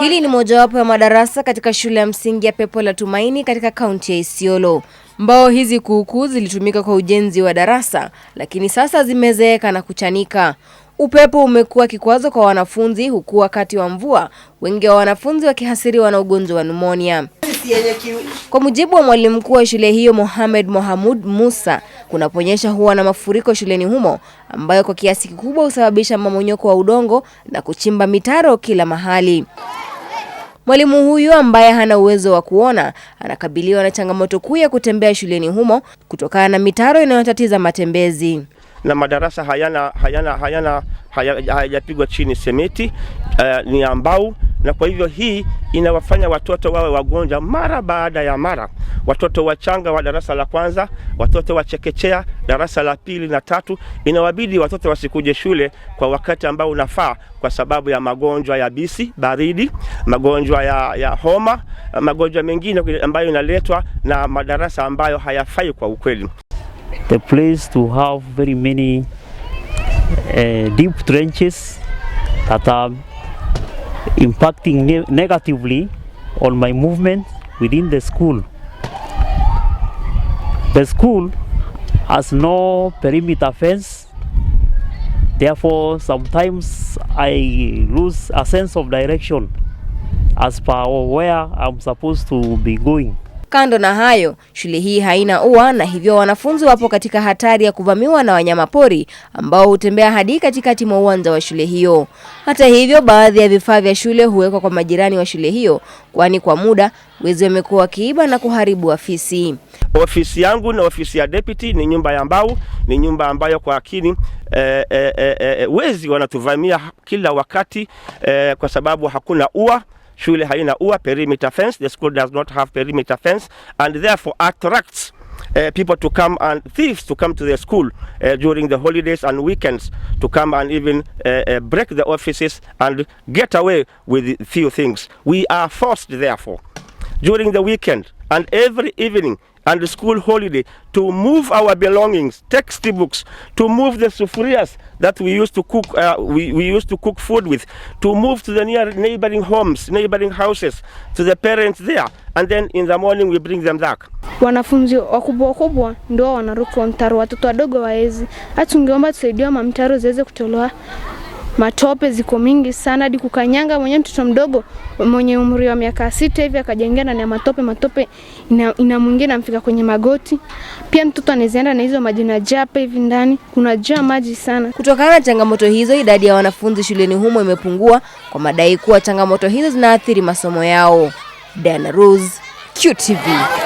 Hili ni mojawapo ya madarasa katika shule ya msingi ya Pepo la Tumaini katika kaunti ya Isiolo. Mbao hizi kuukuu zilitumika kwa ujenzi wa darasa, lakini sasa zimezeeka na kuchanika. Upepo umekuwa kikwazo kwa wanafunzi, huku wakati wa mvua wengi wa wanafunzi wakihasiriwa na ugonjwa wa numonia. Kwa mujibu wa mwalimu mkuu wa shule hiyo Mohamed Mohamud Musa, kunaponyesha huwa na mafuriko shuleni humo ambayo kwa kiasi kikubwa husababisha mamonyoko wa udongo na kuchimba mitaro kila mahali. Mwalimu huyu ambaye hana uwezo wa kuona anakabiliwa na changamoto kuu ya kutembea shuleni humo kutokana na mitaro inayotatiza matembezi na madarasa hayana hayana hayana hayajapigwa chini semeti uh, eh, ni ambao na kwa hivyo hii inawafanya watoto wawe wagonjwa mara baada ya mara, watoto wachanga wa darasa la kwanza, watoto wa chekechea, darasa la pili na tatu, inawabidi watoto wasikuje shule kwa wakati ambao unafaa kwa sababu ya magonjwa ya bisi baridi, magonjwa ya, ya homa, magonjwa mengine ambayo inaletwa na madarasa ambayo hayafai kwa ukweli. The place to have very many uh, deep trenches that are impacting ne negatively on my movement within the school. The school has no perimeter fence, therefore sometimes I lose a sense of direction as per where I'm supposed to be going. Kando na hayo, shule hii haina ua na hivyo wanafunzi wapo katika hatari ya kuvamiwa na wanyamapori ambao hutembea hadi katikati mwa uwanja wa shule hiyo. Hata hivyo, baadhi ya vifaa vya shule huwekwa kwa majirani wa shule hiyo, kwani kwa muda wezi wamekuwa wakiiba na kuharibu afisi. Ofisi yangu na ofisi ya deputy ni nyumba ya mbao, ni nyumba ambayo kwa akini e, eh, e, eh, e, eh, wezi wanatuvamia kila wakati e, kwa sababu hakuna ua shule haina ua perimeter fence, the school does not have perimeter fence and therefore attracts Uh, people to come and thieves to come to the school uh, during the holidays and weekends to come and even uh, uh break the offices and get away with few things. We are forced therefore during the weekend and every evening and school holiday to move our belongings, textbooks, to move the sufurias that we used to cook, uh, we, we used to cook food with, to move to the near neighboring homes, neighboring houses, to the parents there, and then in the morning we bring them back. Wanafunzi wakubwa wakubwa ndio wanaruka mtaro, watoto wadogo waezi. Hata ungeomba tusaidiwe mamtaro ziweze kutolewa matope ziko mingi sana, hadi kukanyanga mwenye mtoto mdogo mwenye umri wa miaka sita hivi akajengia ndani ya matope, matope inamwingia ina namfika kwenye magoti. Pia mtoto anawezaenda na hizo maji na japa hivi ndani, kuna jaa maji sana. Kutokana na changamoto hizo, idadi ya wanafunzi shuleni humo imepungua kwa madai kuwa changamoto hizo zinaathiri masomo yao. Dana Rose, QTV.